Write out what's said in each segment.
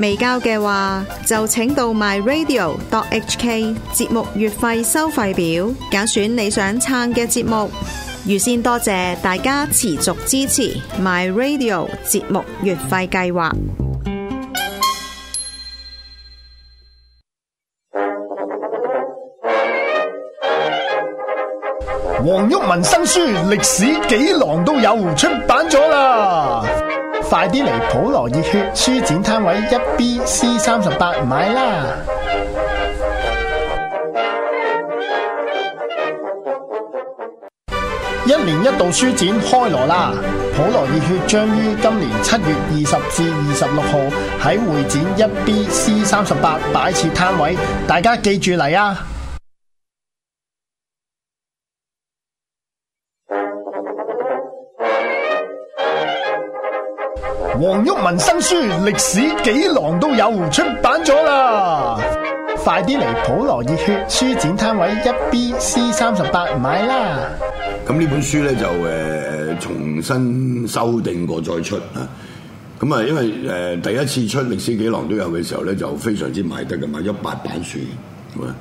未交嘅話，就請到 MyRadio.HK 節目月費收費表，揀選你想撐嘅節目。預先多謝，謝大家持續支持 MyRadio 節目月費計劃。黃郁文新書《歷史幾狼》都有出版咗啦。快啲嚟普羅熱血書展攤位一 B C 三十八買啦！一年一度書展開鑼啦，普羅熱血將於今年七月二十至二十六號喺會展一 B C 三十八擺設攤位，大家記住嚟啊！黃毓民新書《歷史幾郎》都有出版咗啦， 快啲嚟普羅熱血書展攤位一 B C 三十八買啦！咁呢 本書咧就誒、呃、重新修訂過再出啊！咁、嗯、啊，因為誒、呃、第一次出《歷史幾郎》都有嘅時候咧，就非常之賣得嘅，嘛，一八版書。咁啊、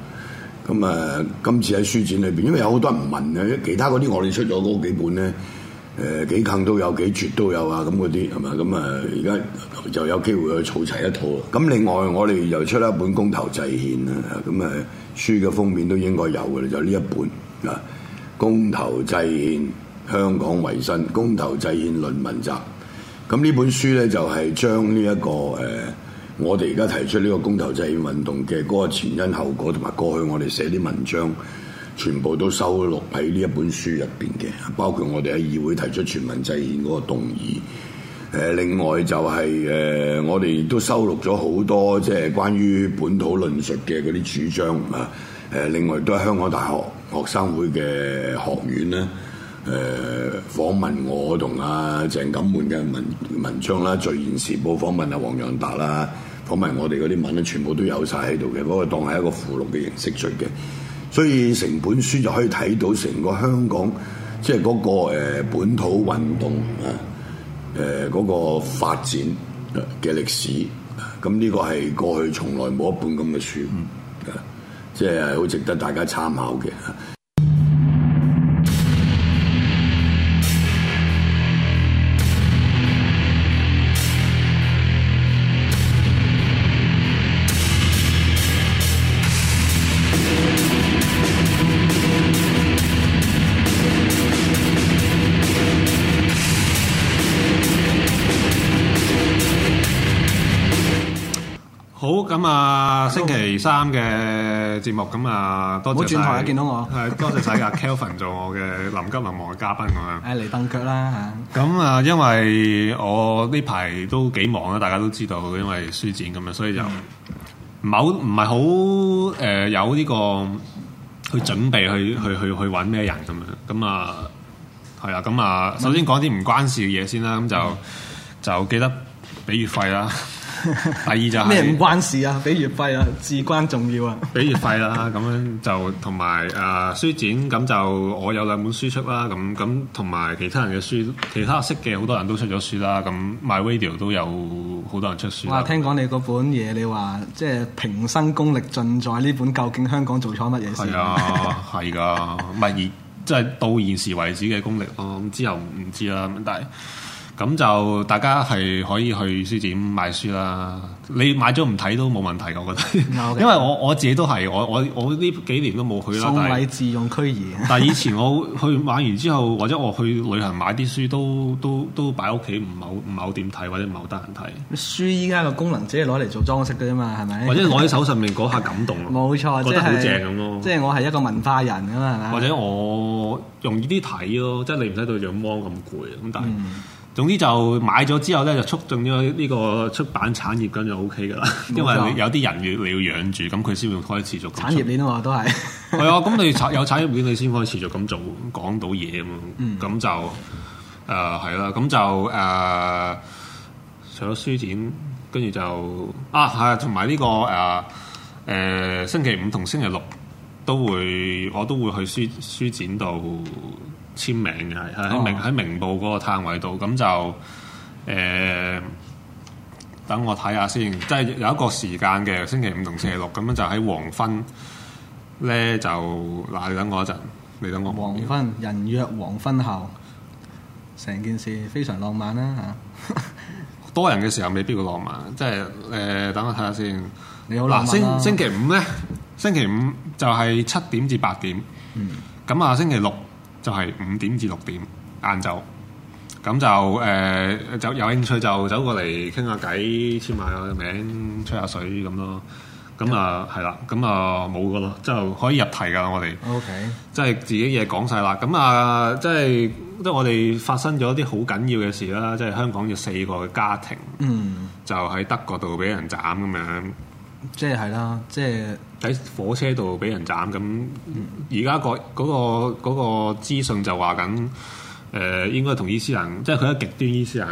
嗯嗯，今次喺書展裏邊，因為有好多人唔問嘅，其他嗰啲我哋出咗嗰幾本咧。誒、呃、幾近都有幾絕都有啊！咁嗰啲係嘛？咁啊，而家又有機會去儲齊一套啦。咁另外我哋又出一本《公投制憲》啊。咁啊書嘅封面都應該有嘅啦，就呢一本啊，《公投制憲》香港維新，《公投制憲論文集》。咁呢本書呢，就係、是、將呢、這、一個誒、啊，我哋而家提出呢個公投制憲運動嘅嗰個前因後果，同埋過去我哋寫啲文章。全部都收錄喺呢一本書入邊嘅，包括我哋喺議會提出全民制憲嗰個動議、呃。另外就係、是、誒、呃，我哋都收錄咗好多即係關於本土論述嘅嗰啲主張啊。誒，另外都係香港大學學生會嘅學苑咧。誒、呃，訪問我同阿、啊、鄭錦滿嘅文文章啦，在《延時報》訪問阿黃洋達啦，訪問我哋嗰啲文咧，全部都有晒喺度嘅。嗰個當係一個附錄嘅形式出嘅。所以成本書就可以睇到成個香港即係、嗰個誒、呃、本土運動啊誒嗰、呃嗰個發展嘅歷史，咁、啊、呢、呢個係過去從來冇一本咁嘅書，啊、即係好值得大家參考嘅。咁啊、嗯，星期三嘅節目，咁、嗯、啊，多謝唔好轉台啊，謝見到我。係 多謝晒阿 Kelvin 做我嘅臨急臨忙嘅嘉賓咁樣。誒嚟登腳啦嚇。咁啊、嗯，因為我呢排都幾忙啦，大家都知道，因為書展咁啊，所以就唔係好，唔係好誒有呢、這個去準備去、嗯、去去去揾咩人咁樣。咁、嗯、啊，係、嗯、啊，咁、嗯、啊、嗯嗯嗯，首先講啲唔關事嘅嘢先啦。咁、嗯、就就，就記得俾月費啦。 第二就係咩唔關事啊？俾月費啊，至關重要啊！俾月費啦，咁樣就同埋誒書展咁就我有兩本書出啦，咁咁同埋其他人嘅書，其他識嘅好多人都出咗書啦，咁 My Radio 都有好多人出書。哇！聽講你嗰本嘢，你話即係平生功力盡在呢本，究竟香港做錯乜嘢事？係啊、哎呀，係噶， 咪，係即係到現時為止嘅功力咯，咁之後唔知啦。咁但係。咁就大家係可以去書展買書啦。你買咗唔睇都冇問題，我覺得。因為我我自己都係，我我我呢幾年都冇去啦。送禮自用區二。但係是 以前我去買完之後，或者我去旅行買啲書都都都擺屋企，唔好唔好點睇，或者唔好得人睇。書依家個功能只係攞嚟做裝飾嘅啫嘛，係咪？或者攞喺手上面嗰下感動冇 錯，覺得好正咁咯。即係我係一個文化人咁啊嘛。或者我容易啲睇咯，即係你唔使對住個 mon 咁攰咁，但係。嗯。總之就買咗之後咧，就促進咗呢個出版產業咁就 O K 嘅啦。因為你有啲人員你要養住，咁佢先會開始持續。產業鏈啊，我都係。係啊，咁你產有產業鏈，你先可以持續咁做，講到嘢啊嘛。咁就誒係啦，咁、呃、就誒、呃、除咗書展，跟住就啊係，同埋呢個誒誒、呃、星期五同星期六都會，我都會去書書展度。簽名嘅係喺明喺明報嗰個攤位度，咁就誒、呃、等我睇下先，即係有一個時間嘅星期五同星期六，咁樣、嗯、就喺黃昏咧就嗱，你等我一陣，你等我看看黃昏人約黃昏後，成件事非常浪漫啦、啊、嚇！ 多人嘅時候未必會浪漫，即係誒、呃、等我睇下先。你好浪漫、啊、啦星星期五咧，星期五就係七點至八點。嗯，咁啊、嗯，星期六。就係五點至六點晏晝，咁就誒、呃，就有興趣就走過嚟傾下偈，簽埋個名，吹下水咁咯。咁啊，係啦 Okay.，咁啊冇個咯，就可以入題噶。我哋 O K，即係自己嘢講晒啦。咁啊，即係即係我哋發生咗啲好緊要嘅事啦。即係香港有四個家庭，嗯，就喺德國度俾人斬咁、mm. 樣。即係啦，即係喺火車度俾人斬咁。而家嗰個嗰個嗰個資訊就話緊，誒、呃、應該同伊斯蘭，即係佢係極端伊斯蘭，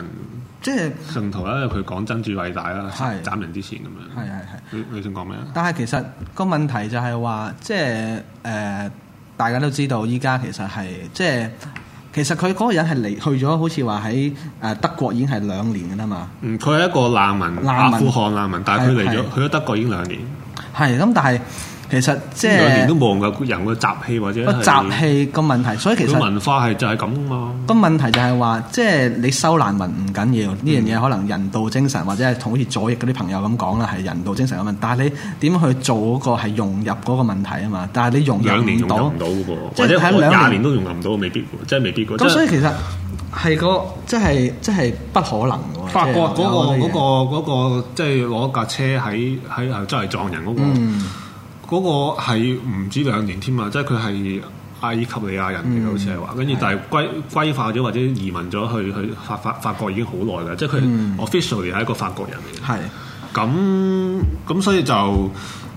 即係信徒啦。佢講、就是、真主偉大啦，斬是人之前咁樣。係係係。你你想講咩啊？但係其實個問題就係話，即係誒，大家都知道依家其實係即係。就是其實佢嗰個人係嚟去咗，好似話喺誒德國已經係兩年㗎啦嘛。嗯，佢係一個難民，難民，阿富汗難民，但係佢嚟咗去咗德國已經兩年。係，咁但係。其實即係兩年都冇人個雜氣或者個雜氣個問題，所以其實個文化係就係咁嘛。個問題就係話，即係你收難民唔緊要呢樣嘢，可能人道精神或者係同好似左翼嗰啲朋友咁講啦，係人道精神嘅問題。但係你點去做嗰個係融入嗰個問題啊嘛？但係你融入兩年融唔到嘅噃，或者喺廿年都融唔到未必，即係未必。咁所以其實係個即係即係不可能。法國嗰個嗰個個即係攞架車喺喺周圍撞人嗰個。嗰個係唔止兩年添啊，即係佢係阿爾及利亞人嚟，好似係話，跟住但係歸歸化咗或者移民咗去去法法法國已經好耐嘅，嗯、即係佢 officially 係一個法國人嚟。係咁咁，所以就誒、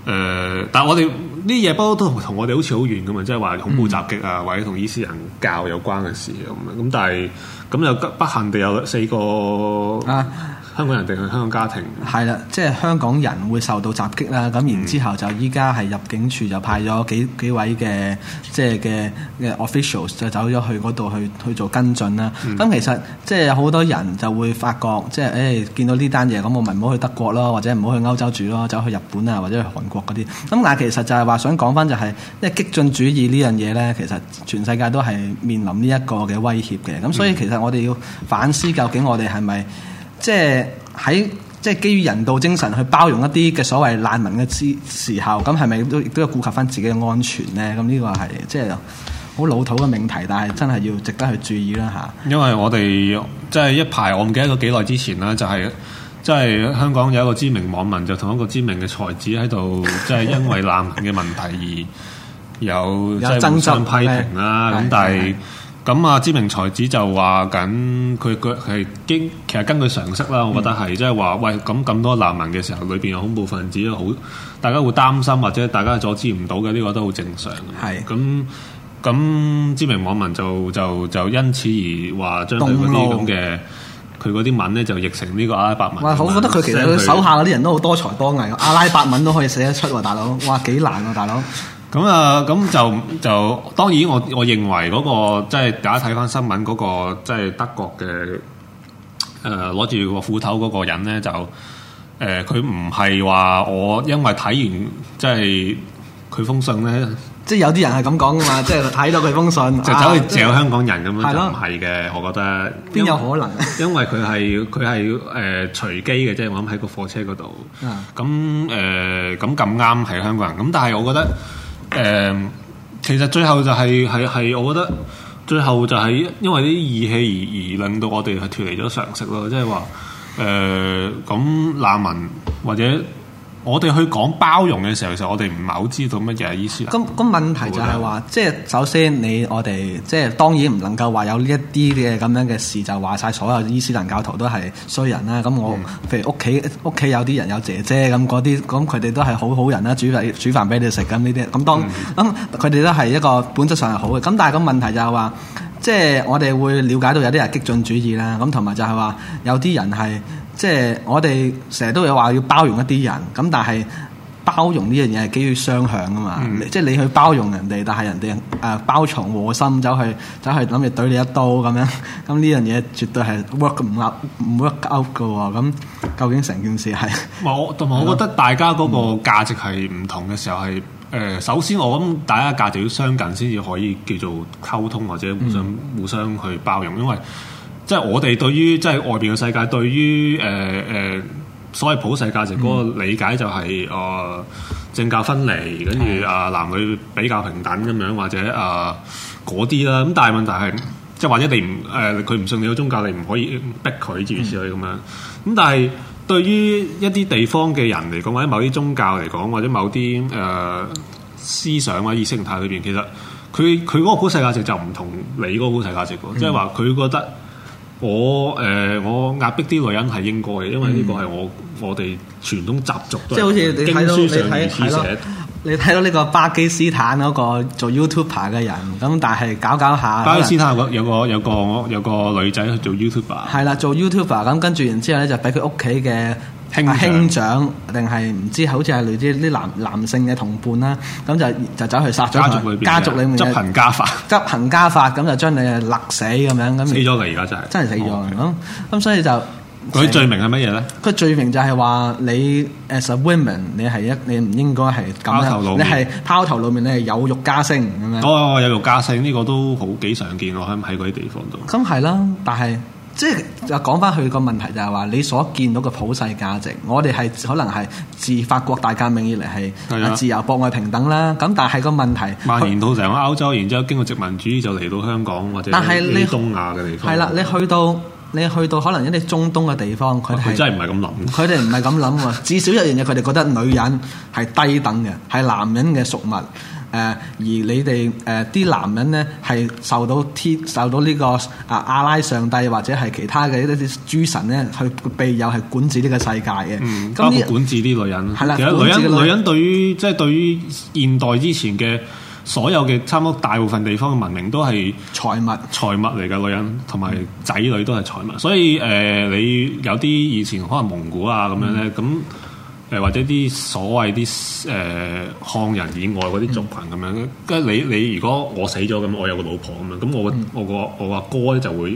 呃，但係我哋啲嘢都都同我哋好似好遠嘅嘛，即係話恐怖襲擊啊，嗯、或者同伊斯蘭教有關嘅事咁樣，咁但係咁又不幸地有四個啊。香港人定係香港家庭係啦，即係香港人會受到襲擊啦。咁、嗯、然之後就依家係入境處就派咗幾、嗯、幾位嘅即係嘅嘅 officials 就走咗去嗰度去去做跟進啦。咁、嗯、其實即係好多人就會發覺，即係誒、哎、見到呢單嘢咁，我咪唔好去德國咯，或者唔好去歐洲住咯，走去日本啊，或者去韓國嗰啲。咁但係其實就係話想講翻、就是，就係因為激進主義呢樣嘢咧，其實全世界都係面臨呢一個嘅威脅嘅。咁、嗯、所以其實我哋要反思究竟我哋係咪？即係喺即係基於人道精神去包容一啲嘅所謂難民嘅之時候，咁係咪都亦都要顧及翻自己嘅安全咧？咁呢個係即係好老土嘅命題，但係真係要值得去注意啦嚇。因為我哋即係一排，我唔記得咗幾耐之前啦，就係即係香港有一個知名網民就同一個知名嘅才子喺度，即係因為難民嘅問題而有即係、 就是、互相批評啦。咁但係。咁啊，知名才子就話緊，佢佢係基，其實根據常識啦，我覺得係即係話，喂咁咁多難民嘅時候，裏邊有恐怖分子，好大家會擔心，或者大家阻止唔到嘅，呢個都好正常。係咁咁知名網民就就就，就因此而話將佢啲咁嘅佢嗰啲文咧，就譯成呢個阿拉伯文，文。哇！我覺得佢其實佢去手下嗰啲人都好多才多藝，阿拉伯文都可以寫得出喎，大佬。哇！幾難喎，啊，大佬。咁啊，咁、嗯、就就當然我，我我認為嗰、那個即係、就是、大家睇翻新聞嗰、那個即係、就是、德國嘅誒攞住個斧頭嗰個人咧，就誒佢唔係話我，因為睇完即係佢封信咧，即係有啲人係咁講噶嘛， 即係睇到佢封信就走去斬到香港人咁樣就，就唔係嘅，我覺得邊有可能？因為佢係佢係誒隨機嘅，即係我諗喺個貨車嗰度，咁誒咁咁啱係香港人，咁但係我覺得。誒、嗯，其實最後就係係係，我覺得最後就係因為啲義氣而而令到我哋係脫離咗常識咯，即係話誒，咁、呃、難民或者。我哋去講包容嘅時候，其實我哋唔係好知道乜嘢係伊斯蘭。咁咁問題就係話，即係首先你我哋即係當然唔能夠話有呢一啲嘅咁樣嘅事，就話晒所有伊斯蘭教徒都係衰人啦。咁我、嗯、譬如屋企屋企有啲人有姐姐咁嗰啲，咁佢哋都係好好人啦，煮飯煮飯俾你食咁呢啲。咁當咁佢哋都係一個本質上係好嘅。咁但係個問題就係話，即係我哋會了解到有啲人激進主義啦，咁同埋就係話有啲人係。即係我哋成日都有話要包容一啲人，咁但係包容呢樣嘢係基於雙向噶嘛？嗯、即係你去包容人哋，但係人哋誒、呃、包藏禍心，走去走去諗住懟你一刀咁樣，咁呢樣嘢絕對係 work 唔 out 唔 work out 嘅喎、哦。咁究竟成件事係？同埋我，我覺得大家嗰個價值係唔同嘅時候係誒，嗯、首先我諗大家價值要相近先至可以叫做溝通或者互相、嗯、互相去包容，因為。即係我哋對於即係外邊嘅世界，對於誒誒、呃、所謂普世價值嗰個理解、就是，就係誒政教分離，跟住啊男女比較平等咁樣，或者啊嗰啲啦。咁、呃、但係問題係，即係或者你唔誒佢唔信你個宗教，你唔可以逼佢諸如此類咁樣。咁、嗯、但係對於一啲地方嘅人嚟講，或者某啲宗教嚟講，或者某啲誒、呃、思想或者意識形態裏邊，其實佢佢嗰個普世價值就唔同你嗰個普世價值嘅，即係話佢覺得。我誒、呃、我壓迫啲女人係應該嘅，因為呢個係我、嗯、我哋傳統習俗。即係好似你睇到書你睇看到呢個巴基斯坦嗰個做 YouTuber 嘅人，咁但係搞搞下。巴基斯坦有個能有個有個有個女仔去做 YouTuber。係啦，做 YouTuber 咁跟住然之後咧，就俾佢屋企嘅。兄長定係唔知，好似係類似啲男男性嘅同伴啦，咁就就走去殺咗佢。家族裏邊，家族裡面執行家法，執行家法咁就將你勒死咁樣咁。死咗嚟，而家就真係死咗。咁咁所以就佢罪名係乜嘢咧？佢罪名就係話你 as a woman，你係一你唔應該係咁你係拋頭露面咧，你拋頭露面你有辱家聲咁樣。哦，哦，哦，有辱家聲呢個都好幾常見喎，喺喺啲地方度。咁係啦，但係。即係又講翻佢個問題、就係，就係話你所見到嘅普世價值，我哋係可能係自法國大革命以嚟係、啊、自由、博愛、平等啦。咁但係係個問題蔓延到成個歐洲，然之後經過殖民主義就嚟到香港或者東亞嘅地方。係啦、啊，你去到你去到可能一啲中東嘅地方，佢佢、啊、真係唔係咁諗。佢哋唔係咁諗喎，至少一樣嘢，佢哋覺得女人係低等嘅，係男人嘅屬物。誒、呃、而你哋誒啲男人咧，係受到天受到呢個啊阿拉上帝或者係其他嘅一啲諸神咧，去庇佑係管治呢個世界嘅。嗯，包括管治啲女人。係啦、嗯，管治女人。女人對於即係、就是、對於現代之前嘅所有嘅差唔多大部分地方嘅文明都係財物，財物嚟嘅，女人同埋仔女都係財物。所以誒、呃，你有啲以前可能蒙古啊咁樣咧，咁、嗯。誒或者啲所謂啲誒漢人以外嗰啲族群咁樣，嗯、跟住你你如果我死咗咁，我有個老婆咁啊，咁我、嗯、我個我阿哥咧就會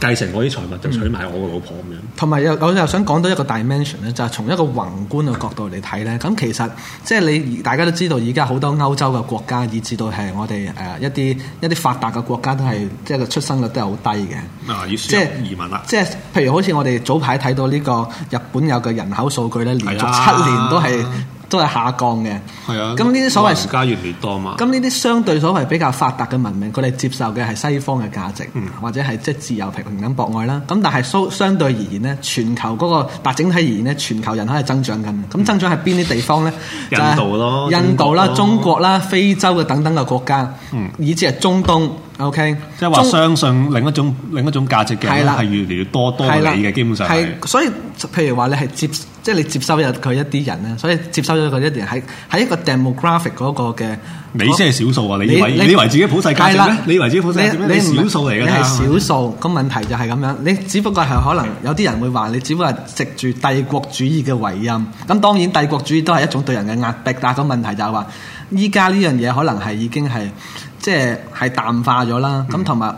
繼承我啲財物，嗯、就娶埋我個老婆咁樣。同埋又我又想講到一個 dimension 咧，就係從一個宏觀嘅角度嚟睇咧，咁、嗯、其實即係你大家都知道，而家好多歐洲嘅國家，以至到係我哋誒、呃、一啲一啲發達嘅國家都係、嗯、即係個出生率都係好低嘅、啊啊。即要移民啦！即係譬如好似我哋早排睇到呢個日本有個人口數據咧，連續七年、啊、都係都係下降嘅，係啊。咁呢啲所謂國家越嚟越多嘛。咁呢啲相對所謂比較發達嘅文明，佢哋接受嘅係西方嘅價值，嗯、或者係即係自由平，平等博愛啦。咁但係相相對而言咧，全球嗰個大整體而言咧，全球人口係增長緊。咁、嗯、增長係邊啲地方呢？ 印度咯，印度啦、度中國啦、非洲嘅等等嘅國家，嗯、以至係中東，東。O K，即係話相信另一種另一種價值嘅咧，係越嚟越多多你嘅基本上。係，所以譬如話你係接，即係你接收咗佢一啲人咧，所以接收咗佢一啲人喺喺一個 demographic 嗰個嘅。你先係少數啊！你以為你以為自己普世價值？你以為自己普世價值？你少數嚟㗎啦。你少數，個問題就係咁樣。你只不過係可能有啲人會話你，只不過係食住帝國主義嘅遺蔭。咁當然帝國主義都係一種對人嘅壓迫，但係個問題就係話，依家呢樣嘢可能係已經係。即係係淡化咗啦，咁同埋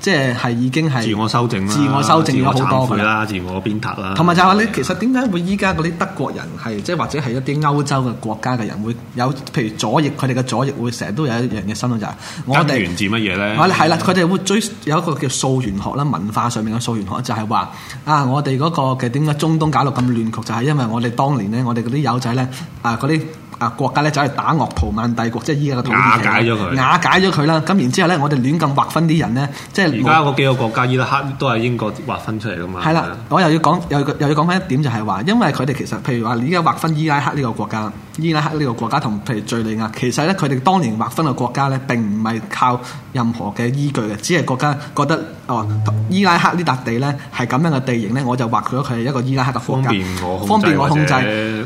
即係係已經係自我修正啦，自我修正咗好多佢啦，自我鞭撻啦。同埋就係話你其實點解會依家嗰啲德國人係即係或者係一啲歐洲嘅國家嘅人會有譬如左翼，佢哋嘅左翼會成日都有一樣嘅新聞就係我哋源自乜嘢咧？我哋係啦，佢哋會追有一個叫溯源學啦，文化上面嘅溯源學就係話啊，我哋嗰個嘅點解中東搞到咁亂局就係因為我哋當年咧，我哋嗰啲友仔咧啊嗰啲。啊！國家咧就係、是、打鄂圖曼帝國，即係依家個土耳其，瓦解咗佢，瓦解咗佢啦。咁然後之後咧，我哋亂咁劃分啲人咧，即係而家嗰幾個國家，伊拉克都係英國劃分出嚟噶嘛。係啦的，的我又要講，又要又要講返一點，就係話，因為佢哋其實，譬如話，依家劃分伊拉克呢個國家。伊拉克呢個國家同譬如敍利亞，其實呢，佢哋當年劃分嘅國家呢，並唔係靠任何嘅依據嘅，只係國家覺得哦、呃、伊拉克呢笪地呢係咁樣嘅地形呢，我就劃咗佢係一個伊拉克嘅國家，方便，方便我控制。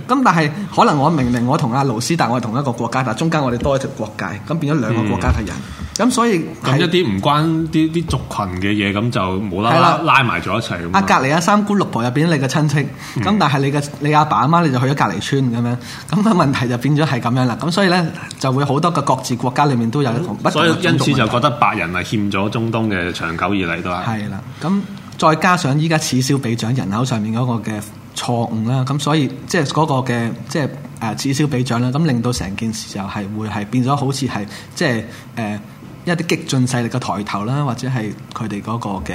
咁但係可能我明明我同阿盧斯達我係同一個國家，但中間我哋多一條國界，咁變咗兩個國家嘅人。嗯咁、嗯、所以咁一啲唔關啲啲族群嘅嘢，咁就冇啦啦拉埋咗一齊。的啊，隔離阿三姑六婆入邊你嘅親戚，咁、嗯、但係你嘅你阿爸阿媽，媽，你就去咗隔離村咁樣。咁嘅問題就變咗係咁樣啦。咁所以咧就會好多個各自國家裏面都有一個不同嘅。所以因此就覺得白人係欠咗中東嘅長久以嚟都係啦。咁、嗯嗯、再加上依家此消彼長人口上面嗰個嘅錯誤啦，咁所以即係嗰個嘅即係誒此消彼長啦，咁令到成件事就係會係變咗好似係即係誒。呃呃一啲激進勢力嘅抬頭啦，或者係佢哋嗰個嘅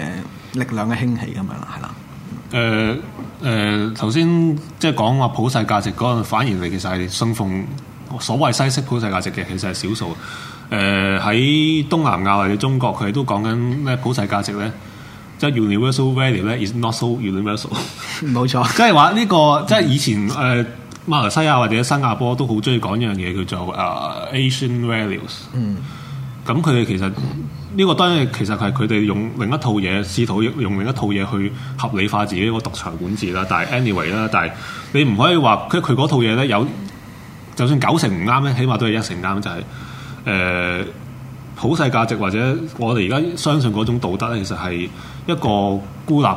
力量嘅興起咁樣啦，係啦。誒誒、呃，頭先即係講話普世價值嗰個，反而嚟其實係信奉所謂西式普世價值嘅，其實係少數。誒、呃、喺東南亞或者中國，佢哋都講緊咩普世價值咧？即係 universal value 咧，is not so universal。冇錯，即係話呢個即係以前誒、呃、馬來西亞或者新加坡都好中意講一樣嘢，叫做誒 Asian values。嗯。咁佢哋其實呢個當然，其實係佢哋用另一套嘢，試圖用另一套嘢去合理化自己個獨裁管治啦。但係 anyway 啦，但係你唔可以話，即係佢嗰套嘢咧有，就算九成唔啱咧，起碼都係一成啱，就係、是、誒、呃、普世價值或者我哋而家相信嗰種道德咧，其實係一個孤立。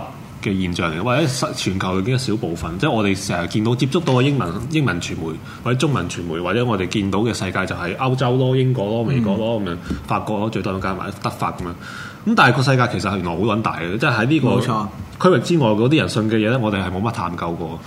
嘅現象嚟嘅，或者全球嘅一小部分，即係我哋成日見到接觸到嘅英文英文傳媒或者中文傳媒，或者我哋見到嘅世界就係歐洲咯、英國咯、美國咯咁樣，嗯、法國咯最多都加埋德法咁樣。咁但係個世界其實係原來好撚大嘅，即係喺呢個區域之外嗰啲人信嘅嘢咧，我哋係冇乜探究過。冇錯。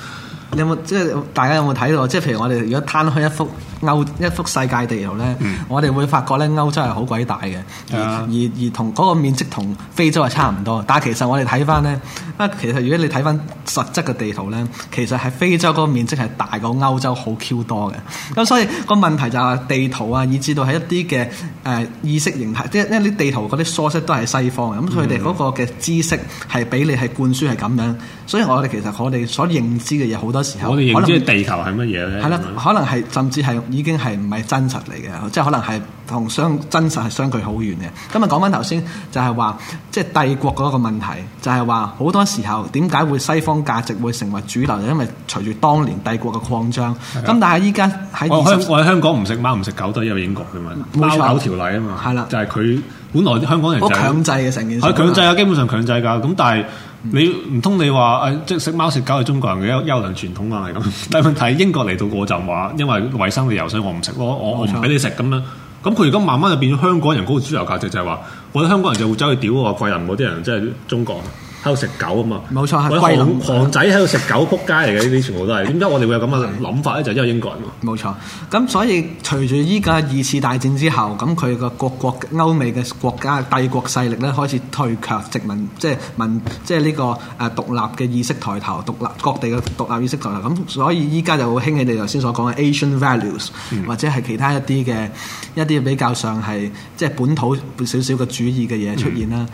你有冇即係大家有冇睇到？即係譬如我哋如果攤開一幅歐一幅世界地圖咧，嗯、我哋會發覺咧歐洲係好鬼大嘅，而、嗯、而同嗰個面積同非洲係差唔多。但係其實我哋睇翻咧，啊其實如果你睇翻實質嘅地圖咧，其實係非洲嗰個面積係大過歐洲好 Q 多嘅。咁所以個問題就係地圖啊，以至到係一啲嘅誒意識形態，即係因為啲地圖嗰啲 source 都係西方嘅，咁佢哋嗰個嘅知識係俾你係灌輸係咁樣。所以我哋其實我哋所認知嘅嘢好多時候，我哋認知嘅地球係乜嘢咧？係啦能，可能係甚至係。已經係唔係真實嚟嘅，即係可能係同相真實係相距好遠嘅。今日講翻頭先，就係話即係帝國嗰個問題，就係話好多時候點解會西方價值會成為主流？就因為隨住當年帝國嘅擴張。咁的但係依家喺我香我喺香港唔食貓唔食狗都係因為英國嘅嘛貓狗條例啊嘛。係啦次，的就係佢本來香港人好強制嘅成件事，係強制啊，基本上強制㗎。咁但係。你唔通你話誒、啊，即係食貓食狗係中國人嘅優良傳統啊，係咁。 但係問題，英國嚟到嗰陣話，因為衞生，你游水我唔食咯，我唔俾、嗯、你食咁樣。咁佢而家慢慢就變咗香港人嗰個主流價值就係、是、話，我覺得香港人就會走去屌個貴人嗰啲人，即係中國。偷食狗啊嘛！冇錯，係鬼佬狂仔喺度食狗，撲街嚟嘅呢啲全部都係。點解我哋會有咁嘅諗法咧？就因、是、為英國人嚟㗎。冇錯，咁所以隨住依家二次大戰之後，咁佢個各國歐美嘅國家帝國勢力咧開始退卻，殖民即係民即係呢個誒獨立嘅意識抬頭，獨立各地嘅獨立意識抬頭。咁所以依家就好興起你頭先所講嘅 Asian values，、嗯、或者係其他一啲嘅一啲比較上係即係本土少少嘅主義嘅嘢出現啦。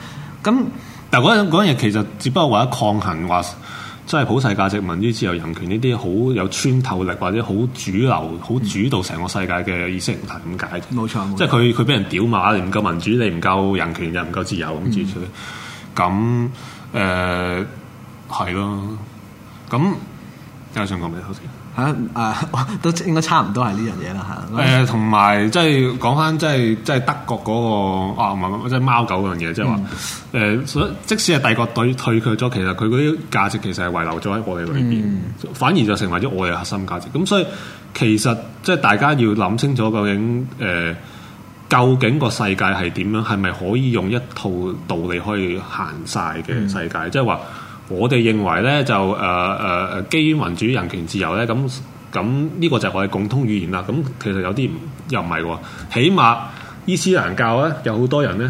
咁、嗯嗯但嗰嗰嘢其實只不過為咗抗衡，話即係普世價值、民主、自由、人權呢啲好有穿透力，或者好主流、好、嗯、主導成個世界嘅意識形態咁解。冇錯，錯即係佢佢俾人屌罵，你唔夠民主，你唔夠人權，又唔夠，夠自由咁住，咁誒係咯。咁、嗯，而家想講咩？呃嚇！誒都、啊、應該差唔多係呢樣嘢啦嚇。誒同埋即係講翻即係即係德國嗰、那個啊即係、就是、貓狗嗰樣嘢、就是嗯呃，即係話誒，所即使係帝國隊退卻咗，其實佢嗰啲價值其實係遺留咗喺我哋裏邊，嗯、反而就成為咗我哋核心價值。咁所以其實即係、就是、大家要諗清楚究、呃，究竟誒究竟個世界係點樣？係咪可以用一套道理可以行晒嘅世界？即係話。我哋認為咧就誒誒、呃呃、基於民主、人權、自由咧，咁咁呢個就係我哋共通語言啦。咁其實有啲又唔係喎，起碼伊斯蘭教咧有好多人咧。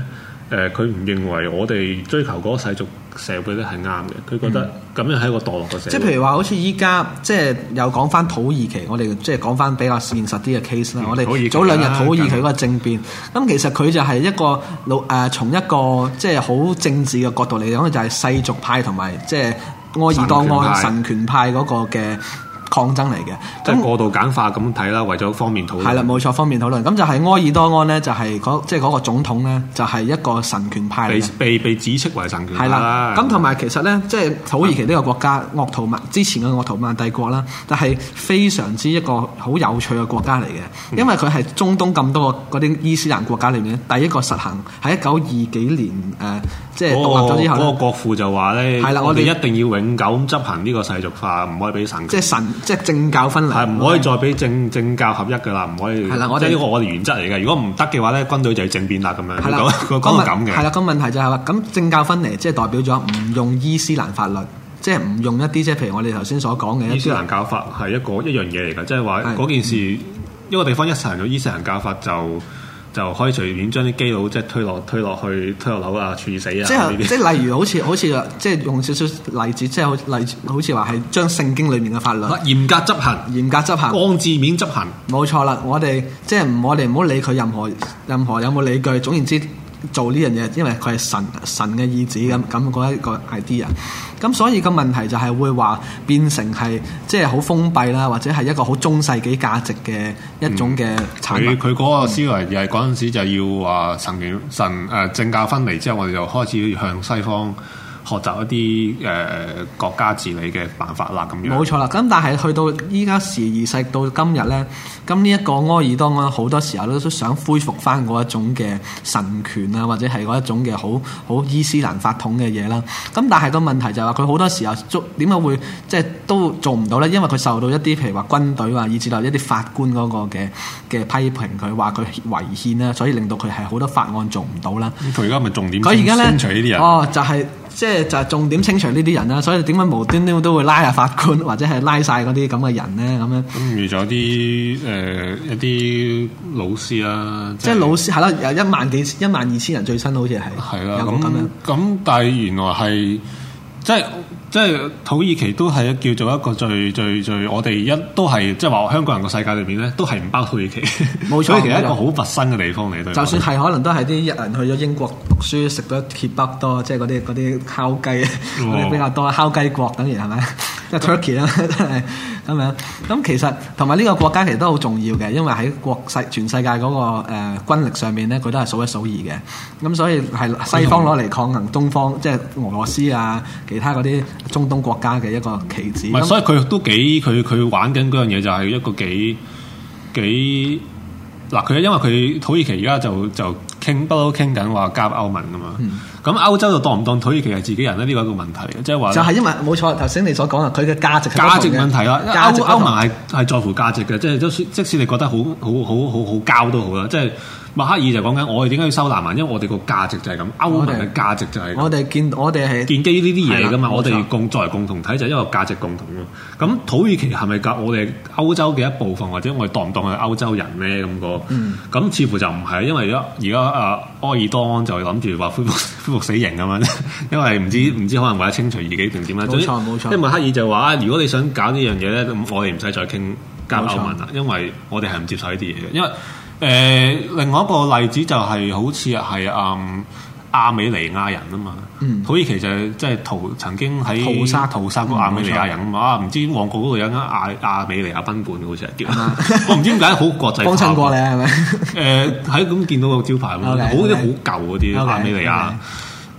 誒，佢唔、呃、認為我哋追求嗰個世俗社會咧係啱嘅，佢覺得咁樣係一個墮落嘅社會。嗯、即係譬如話，好似依家即係又講翻土耳其，我哋即係講翻比較現實啲嘅 case 啦、嗯。啊、我哋早兩日土耳其嗰個政變，咁其實佢就係一個老誒、呃，從一個即係好政治嘅角度嚟講，就係、是、世俗派同埋即係愛爾多安神權派嗰個嘅。抗爭嚟嘅，即係過度簡化咁睇啦，那為咗方便討論。係啦，冇錯，方便討論。咁就係埃爾多安呢、就是，就係嗰即係嗰個總統咧，就係一個神權派被。被被指斥為神權派。係啦。咁同埋其實呢，即、就、係、是、土耳其呢個國家，鄂圖曼之前嘅鄂圖曼帝國啦，但、就、係、是、非常之一個好有趣嘅國家嚟嘅，因為佢係中東咁多個嗰啲伊斯蘭國家裡面第一個實行喺一九二幾年誒。呃即係獨立咗之後，嗰個國父就話咧，係啦的，我哋一定要永久執行呢個世俗化，唔可以俾神，神。即係神，即係政教分離。係唔可以再俾政政教合一嘅啦，唔可以。係啦，我哋呢個我哋原則嚟嘅。如果唔得嘅話咧，軍隊就要政變啦咁樣。係啦的，個咁嘅。係啦，個問題就係、是、話，咁政教分離即係代表咗唔用伊斯蘭法律，即係唔用一啲即係譬如我哋頭先所講嘅。伊斯蘭教法係一個一樣嘢嚟嘅，即係話嗰件事、嗯、一個地方一成咗伊斯蘭教法就。就可以隨便將啲基佬，即係推落推落去推落樓啊、處死啊！即係例如好似好似，即係用少少例子，即係好例好似話係將聖經裡面嘅法律嚴格執行，嚴格執行，光字面執行，冇錯啦！我哋即係我哋唔好理佢任何任何有冇理據，總言之。做呢樣嘢，因為佢係神神嘅意志咁咁嗰一個 idea。咁所以個問題就係會話變成係即係好封閉啦，或者係一個好中世紀價值嘅一種嘅產物。佢佢嗰個思維又係嗰陣時就要話神與神誒政、呃、教分離之後，我哋就開始向西方，學習一啲誒、呃、國家治理嘅辦法啦，咁樣。冇錯啦，咁但係去到依家時移世到今日咧，咁呢一個埃爾多安啊，好多時候都想恢復翻嗰一種嘅神權啊，或者係嗰一種嘅好好伊斯蘭法統嘅嘢啦。咁但係個問題就係話佢好多時候做點解會即係都做唔到咧？因為佢受到一啲譬如話軍隊啊，以至到一啲法官嗰個嘅嘅批評，佢話佢違憲啦，所以令到佢係好多法案做唔到啦。佢而家咪重點佢而家咧哦，就係、是。即係就係重點清除呢啲人啦，所以點解無端端都會拉下法官，或者係拉晒嗰啲咁嘅人咧？咁樣咁遇咗啲誒一啲老師啦，即係老師係啦，有一萬幾、一萬二千人最新好似係，係啦咁咁，但係原來係即係。即係土耳其都係叫做一個最最最，我哋一都係即係話香港人個世界裏面咧，都係唔包土耳其，冇錯。 所以其實一個好陌生嘅地方嚟。就算係可能都係啲人去咗英國讀書，食多鐵北多，即係嗰啲嗰啲烤雞、哦、佢哋比較多，烤雞國等於係咪？ 即係 Turkey 啦，真係咁樣。咁其實同埋呢個國家其實都好重要嘅，因為喺國世全世界嗰個誒軍力上面咧，佢都係數一數二嘅。咁所以係西方攞嚟抗衡東方，嗯、即係俄羅斯啊，其他嗰啲中東國家嘅一個棋子。唔係、嗯，嗯、所以佢都幾佢佢玩緊嗰樣嘢，就係一個幾幾嗱佢，因為佢土耳其而家就就傾不嬲傾緊話加入歐盟噶嘛。嗯咁歐洲就當唔當土耳其係自己人咧？呢個係一個問題，即係話就係、是、因為冇錯，頭先你所講嘅，佢嘅價值價值問題啦、啊，歐盟係係在乎價值嘅，即係即使你覺得好好好好好交都好啦，即係默克爾就講緊我哋點解要收難民，因為我哋個價值就係咁，歐盟嘅價值就係我哋們見我哋係建基於呢啲嘢㗎嘛，我哋共作為共同體就一、是、為價值共同咯。咁土耳其係咪我哋歐洲嘅一部分，或者我哋當唔當係歐洲人咧？咁、那個咁、嗯、似乎就唔係，因為而家而家阿埃爾多安就係諗住話恢復。 服死刑咁樣，因為唔知唔知可能為咗清除自己定點咧。冇錯，冇錯。即係麥克爾就話：如果你想搞呢樣嘢咧，咁我哋唔使再傾交流文啦，因為我哋係唔接受呢啲嘢嘅。因為誒，另外一個例子就係好似係嗯亞美尼亞人啊嘛，土耳其就係即係屠曾經喺沙殺屠殺亞美尼亞人啊嘛，唔知旺角嗰度有間亞亞美尼亞賓館好似係叫。我唔知點解好國際化。幫襯過你係咪？誒，喺咁見到個招牌，好啲好舊嗰啲亞美尼亞。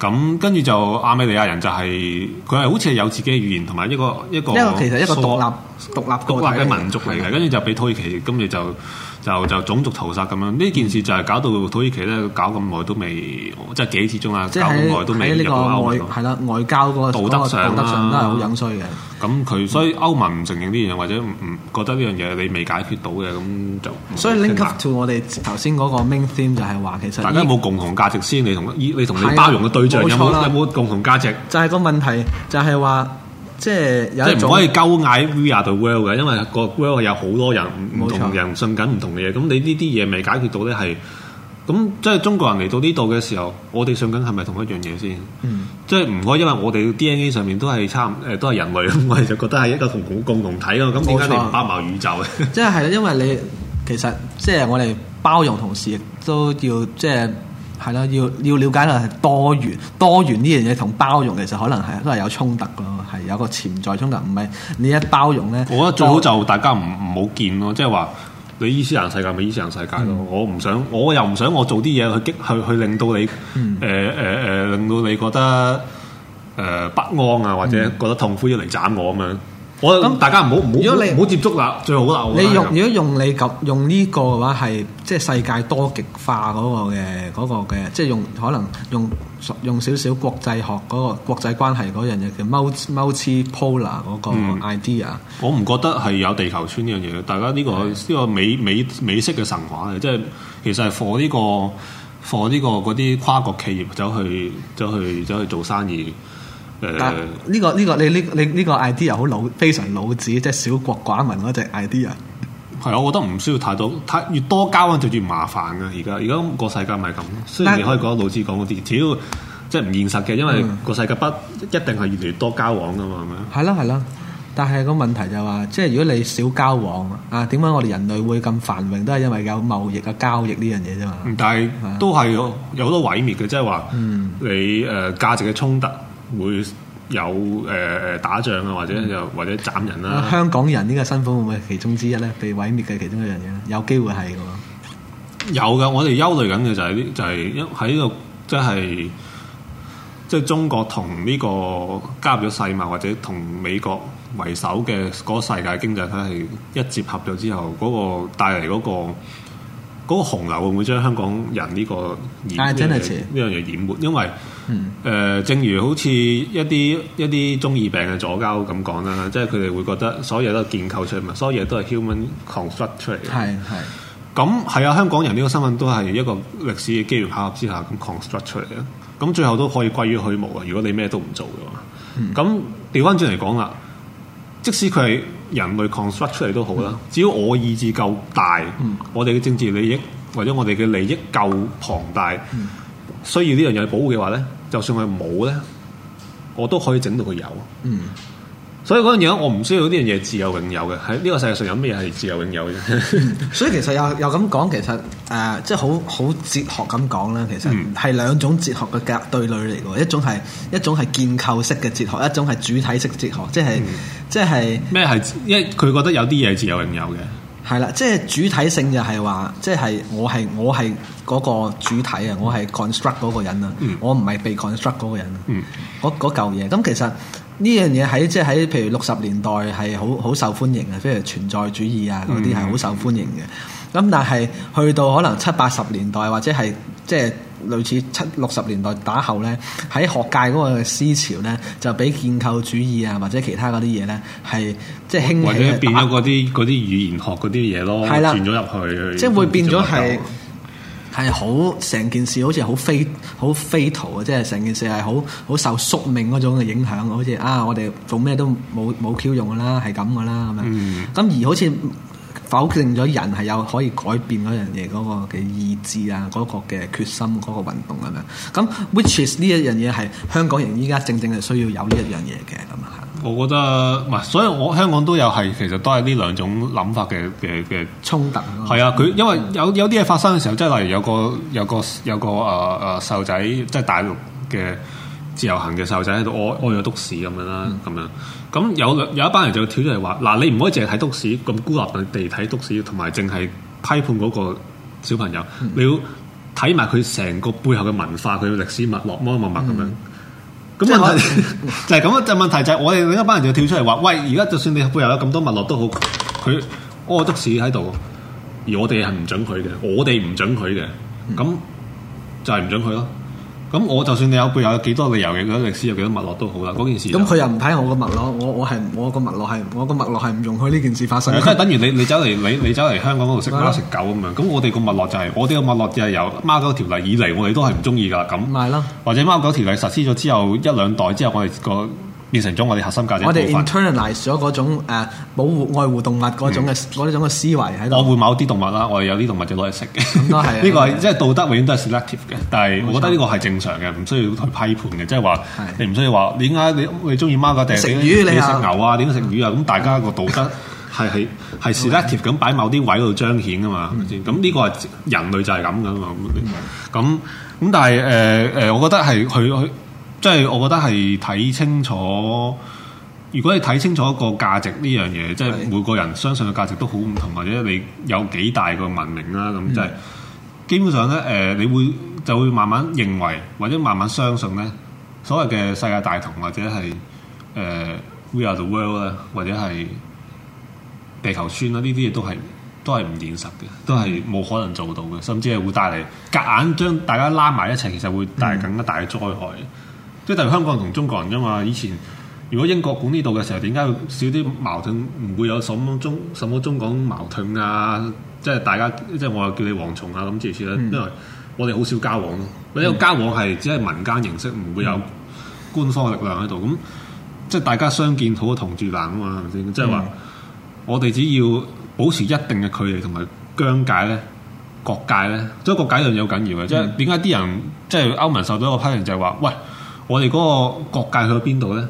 咁跟住就阿美利亞人就係，佢係好似係有自己嘅語言同埋一個一個一個其實一個獨立獨立國嘅民族嚟嘅，跟住是的 就俾土耳其，跟住是的 就。就就種族屠殺咁樣，呢件事就係搞到土耳其咧，搞咁耐都未，即係幾次中啊，搞咁耐都未，個未入到歐盟啦，外交嗰個道德上啦、啊，道德上都係好隱衰嘅。咁佢所以歐盟唔承認呢樣，或者唔覺得呢樣嘢你未解決到嘅咁就。所以白 link up to 我哋頭先嗰個 main theme 就係話其實大家有冇共同價值先？你同依你同你包容嘅對象有冇有冇共同價值？就係個問題，就係話。即係，即唔可以鳩嗌 we are the world 嘅，因為個 world 有好多人唔同錯人信緊唔同嘅嘢，咁你呢啲嘢未解決到咧係。咁即係中國人嚟到呢度嘅時候，我哋信緊係咪同一樣嘢先？嗯、即係唔可以因為我哋 DNA 上面都係差誒，都係人類，我哋就覺得係一個同古共同體咯。咁點解你唔包埋宇宙嘅？即係係因為你其實即係、就是、我哋包容同時，亦都要即係。就是係啦，要要了解啦，係多元多元呢樣嘢同包容，其實可能係都係有衝突咯，係有一個潛在衝突，唔係你一包容咧。我覺得最好就,就大家唔唔好見咯，即係話你伊斯蘭世界咪伊斯蘭世界咯、嗯，我唔想我又唔想我做啲嘢去激去去,去令到你誒誒誒令到你覺得誒、呃、不安啊，或者覺得痛苦要嚟斬我咁樣。嗯我諗那大家唔好唔好，如果你唔好接觸啦，最好啦。你用這如果用你及用呢個嘅話，係即係世界多極化嗰個嘅嗰嘅，即、那、係、個就是、用可能用用少少國際學嗰、那個國際關係嗰樣嘢嘅 multi multi polar 嗰個 idea、嗯。我唔覺得係有地球村呢樣嘢，大家呢、這個呢是的 個美美美式嘅神話嘅，即係其實係 for 呢個 for 呢個嗰啲跨國企業走去走去走去，走去做生意。但呢、這個呢、這個你呢、這個、你呢個 idea 好老非常老子即係、就是、小國寡民嗰隻 idea 係我覺得唔需要太多，太越多交往就越麻煩嘅。而家而家個世界咪係咁咯。雖然你可以講老子講嗰啲，只要即係唔現實嘅，因為個世界不、嗯、一定係越嚟越多交往噶嘛，係咪啊？係咯，係咯，但係個問題就話、是，即係如果你少交往啊，點解我哋人類會咁繁榮？都係因為有貿易啊、交易呢樣嘢啫嘛。但係都係有好多毀滅嘅，即係話、嗯、你誒、呃、價值嘅衝突。會有誒誒、呃呃、打仗啊，或者又或者斬人啦。嗯、香港人呢個身份會唔會係其中之一咧？被毀滅嘅其中一樣嘢，有機會係噶。有嘅，我哋憂慮緊嘅就係、是、啲就係喺呢度，即係即係中國同呢個加入咗世貿或者同美國為首嘅嗰個世界經濟體系一接合咗之後，嗰、那個帶嚟嗰、那個。嗰個洪流會唔會將香港人呢個呢樣嘢，呢樣嘢淹沒？啊、因為誒、嗯呃，正如好似一啲一啲中二病嘅左膠咁講啦，即係佢哋會覺得所有嘢都係建構出嚟嘛，所有嘢都係 human construct 出嚟嘅。係，係咁係啊。香港人呢個身份都係一個歷史嘅機緣巧合之下咁 construct 出嚟嘅。咁最後都可以歸於虛無啊。如果你咩都唔做嘅話，咁調翻轉嚟講啦。即使佢係人類 construct 出嚟都好啦，嗯、只要我意志夠大，嗯、我哋嘅政治利益或者我哋嘅利益夠龐大，需、嗯、要呢樣嘢去保護嘅話咧，就算佢冇咧，我都可以整到佢有。嗯所以嗰樣嘢，我唔需要呢樣嘢自由永有嘅，喺呢個世界上有咩嘢係自由永有嘅？ 所以其實又又咁講，其實誒、呃，即係好好哲學咁講啦。其實係兩種哲學嘅格對壘嚟嘅：一種係一種係建構式嘅哲學，一種係主體式哲學，即係、嗯、即係咩係？因為佢覺得有啲嘢係自由永有嘅。係啦，即係主體性就係話，即係我係我係嗰個主體，啊，我係 construct 嗰個人啊，嗯、我唔係被 construct 嗰個人啊，嗰嚿嘢。咁其實。呢樣嘢喺即係喺譬如六十年代係好好受歡迎嘅，譬如存在主義啊嗰啲係好受歡迎嘅。咁但係去到可能七八十年代或者係即係類似七六十年代打後咧，喺學界嗰個思潮咧就畀建構主義啊或者其他嗰啲嘢咧係即係興起或者變咗嗰啲嗰啲語言學嗰啲嘢咯，係喇，轉咗入去，即係會變咗係。係好，成件事好似係好 fat 好 fatal 啊。即係成件事係好好受宿命嗰種嘅影響，好似啊我哋做咩都冇冇 Q 用啦，係咁嘅啦咁樣。咁、嗯、而好似否定咗人係有可以改變嗰樣嘢嗰個嘅意志啊，嗰、嗰個嘅決心嗰、嗰個運動咁樣。咁 which is 呢一樣嘢係香港人依家正正係需要有呢一樣嘢嘅咁我覺得唔係，所以我香港都有係其實都係呢兩種諗法嘅嘅嘅衝突。係啊，佢、嗯、因為有有啲嘢發生嘅時候，即係例如有個有個有個啊啊細路仔，即係大陸嘅自由行嘅細路仔喺度屙屙咗篤屎咁樣啦，咁樣咁有兩有一班人就跳出嚟話：嗱，你唔可以淨係睇篤屎咁孤立地睇篤屎，同埋淨係批判嗰個小朋友，嗯、你要睇埋佢成個背後嘅文化、佢嘅歷史脈絡、乜乜乜咁樣。嗯。咁問題就係咁啊！ 就 問題就係我哋有一班人就跳出嚟話：喂！而家就算你背後有咁多脈絡都好，佢屙篤屎喺度，而我哋係唔准佢嘅，我哋唔准佢嘅，咁、嗯、就係唔准佢咯。咁我就算你有背有幾多理由嘅，嗰啲歷史有幾多脈絡都好啦。嗰件事咁佢又唔睇我個脈絡，我我係我個脈絡係我個脈絡係唔容許呢件事發生。即係等於你你走嚟你你走嚟香港嗰度食貓食狗咁樣，咁我哋個脈絡就係、係、我哋個脈絡就由貓狗條例以嚟我哋都係唔中意噶咁。咪咯是，那或者貓狗條例實施咗之後一兩代之後我，我哋個。變成咗我哋核心價值。我哋 internalise 咗嗰種保護愛護動物嗰種嘅嗰種嘅思維喺度。我愛某啲動物啦，我哋有啲動物就攞嚟食。嘅。係。呢個係即係道德永遠都係 selective 嘅，但係我覺得呢個係正常嘅，唔需要去批判嘅，即係話你唔需要話點解你你中意貓嘅定食魚，你食牛啊，點食魚啊？咁大家個道德係係係 selective 咁擺某啲位度彰顯㗎嘛？咁呢個人類就係咁㗎嘛？咁咁但係誒誒，我覺得係佢佢。即係我覺得係睇清楚，如果你睇清楚一個價值呢樣嘢，的即係每個人相信嘅價值都好唔同，或者你有幾大個文明啦，咁即係基本上咧，誒、呃，你會就會慢慢認為，或者慢慢相信咧，所謂嘅世界大同或者係誒、呃、We Are The World 咧，或者係地球村啦，呢啲嘢都係都係唔現實嘅，嗯、都係冇可能做到嘅，甚至係會帶嚟夾硬將大家拉埋一齊，其實會帶嚟更加大嘅災害。嗯即係特別香港人同中國人嘅嘛，以前如果英國管呢度嘅時候，點解少啲矛盾？唔會有什麼中什麼中港矛盾啊？即係大家即係我叫你蝗蟲啊咁諸如此類，嗯、因為我哋好少交往咯。呢、嗯、個交往係只係民間形式，唔會有官方嘅力量喺度。咁、嗯、即係大家相見好同住難啊嘛，係咪先？即係話、嗯、我哋只要保持一定嘅距離同埋疆界咧、各界咧，即係國界一樣有緊要嘅。即係點解啲人即係歐盟受到一個批評就係、是、話：喂！我哋嗰個國界去到邊度咧？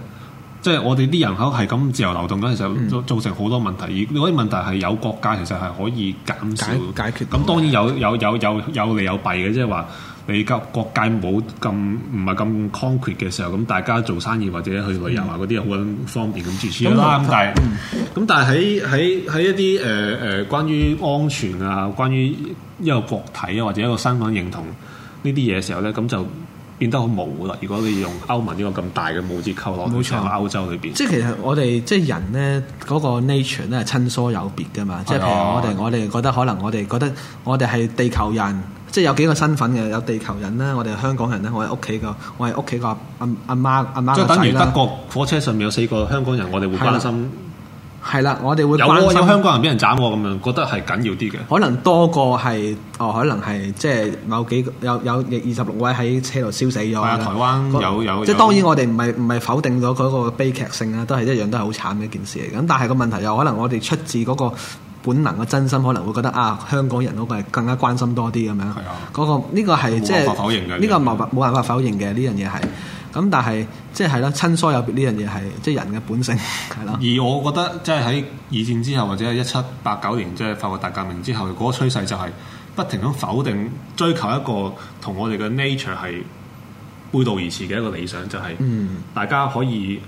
即係我哋啲人口係咁自由流動緊，其候造成好多問題。如果啲問題係有國界，其實係可以減少解，解決。咁當然有有有有有利有弊嘅，即係話你個國界冇咁唔係咁 c o n 康闊嘅時候，咁大家做生意或者去旅遊啊嗰啲又好方便咁。住然啦咁，但係咁，嗯、但係喺喺喺一啲誒誒關於安全啊，關於一個國體啊，或者一個身份認同呢啲嘢嘅時候咧，咁就。變得好模糊啦！如果你用歐盟呢個咁大嘅帽子扣落喺錯歐洲裏邊，即係其實我哋樣即係人咧，嗰、嗰個 nature 咧係親疏有別嘅嘛。的即係譬如我哋，我哋覺得可能我哋覺得我哋係地球人，的即係有幾個身份嘅，有地球人啦，我哋係香港人啦，我係屋企個，我係屋企個阿阿媽，阿、啊、媽即係等於德國火車上面有四個香港人，我哋會關心。係啦，我哋會關心有香港人俾人斬，我咁樣覺得係緊要啲嘅。可能多過係，哦，可能係即係某幾個有有二十六位喺車度燒死咗。係啊，台灣有那有即係當然我，我哋唔係唔係否定咗佢個悲劇性啦，都係一樣都係好慘嘅一件事嚟。咁但係個問題又可能我哋出自嗰個本能嘅真心，可能會覺得啊，香港人嗰個係更加關心多啲咁樣。係啊的，嗰、那個呢、這個係即係冇法否認嘅，呢個冇法冇辦法否認嘅呢樣嘢係。這個是咁但係即係啦，親疏有別呢樣嘢係即係人嘅本性，係啦。而我覺得即係喺二戰之後，或者係一七八九年即係法國大革命之後，嗰個趨勢就係不停咁否定追求一個同我哋嘅 nature 係背道而馳嘅一個理想，就係大家可以誒、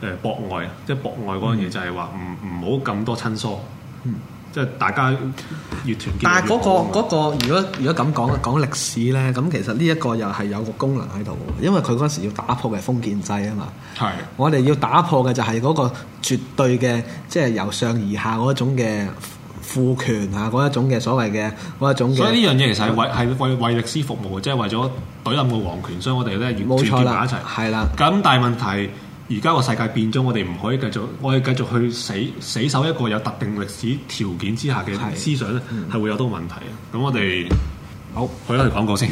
嗯呃、博愛，即係博愛嗰樣嘢，就係話唔唔好咁多親疏。嗯即係大家越團結越。但係嗰個嗰個，如果如果咁講講歷史咧，咁其實呢一個又係有個功能喺度嘅，因為佢嗰陣時要打破嘅封建制啊嘛。係。是的 我哋要打破嘅就係嗰個絕對嘅，即係由上而下嗰一種嘅父權啊，嗰一種嘅所謂嘅嗰一種。所以呢樣嘢其實係為係為為歷史服務嘅，即係為咗懟冧個皇權，所以我哋咧越團結埋一齊。係啦。咁大問題。而家個世界變咗，我哋唔可以繼續，我哋繼續去死死守一個有特定歷史條件之下嘅思想咧，係的會有好多問題嘅。咁、嗯、我哋好，佢咧去吧、嗯、講個先。